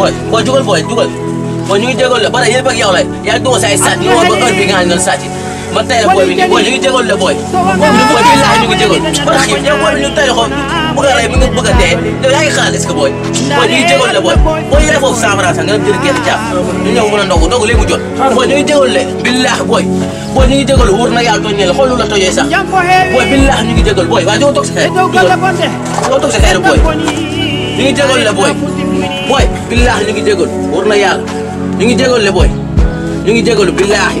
Boy, boy juga boy juga. Boy juga jago lah. Pada ia bagi awal. Yang tu saya sah. Dia orang bukan pingan dan saja. man tey la booy bi nii booy ngi jégalu de booy. booy bi booy bi laaj ñu ngi jégalu. man xiif yow booy bi ñu tey ko bëgg a a dee yow yaa ngi xaar est-ce que booy. booy ñu ngi jégalu de booy. booy a ndogu ndogu léegi mu de billaahi booy. booy ñu ngi jégalu wóor na yàlla tooñee la xool lu la tooñee sax. billaahi ñu ngi jégalu booy billaahi ñu ngi jégalu billaahi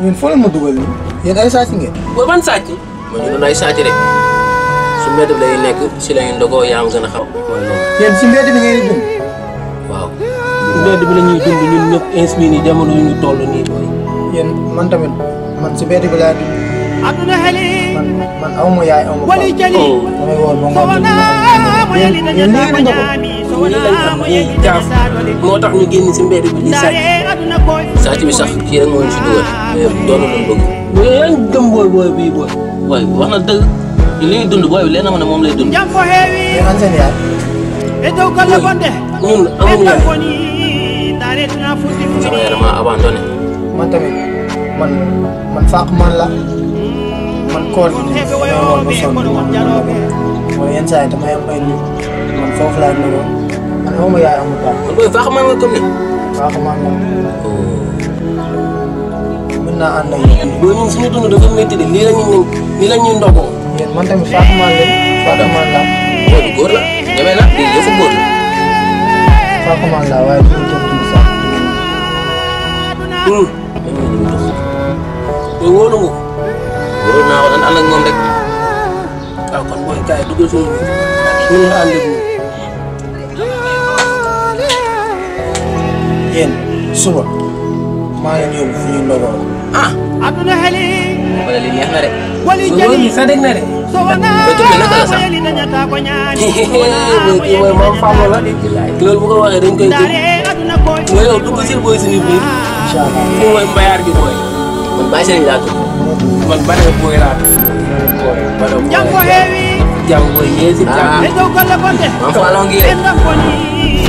ñun foo leen ma dugal nii yéen ay sàcc ngeen. booy ban sàcc. ma ñu doon ay sàcc de su bi lay nekk si la ñuy yaa gën a xaw. yéen si bi ngeen di dund. waaw si mbedd bi ñun ñu toll nii. yéen man tamit man si bi laa dund. man man aw yaay aw ma paa. damay wóor ba mu am lu ñi lañ xam ñuy jaaf moo tax ñu génn si mbedd bi di sàcc sàcc bi sax kii rek moo ñu si dugal doon na doon bëgg. mais yan gëm booy booy bii booy. booy wax na dëgg li ñuy dund booy bi leen na ma ne moom lay dund. mais man seen yaay. booy ñun amuñu yaay. sama yaay dama abandonné. man tamit man man fàq man la man koor gi dama war ba sonn man yenn saa yi dama am ay nit man foofu laa nuyoon. xaw ma yaay amul taal. kon booy faaxamaan nga comme ni. Oh. naa ànd ak yow. ñun suñu dafa métti de lii la ñuy ndogoo. man tamit faaxamaan leen faaxamaan laa. góor góor la laa waaye du ñu hmm. toog naa ko yéen suba maa leen yóbbu fu ñuy ndogoo. ah. aduna xeli. wala li neex na de. wali jëli sa dégg na de. bëtu bi naka la sax. kii mooy maam Fama la. loolu bu ko waxee dañ koy dégg. nga yow dugg si booy suñu biir. incha allah kii mooy gi booy. man bàyyi sëriñ laa tudd. man bare ah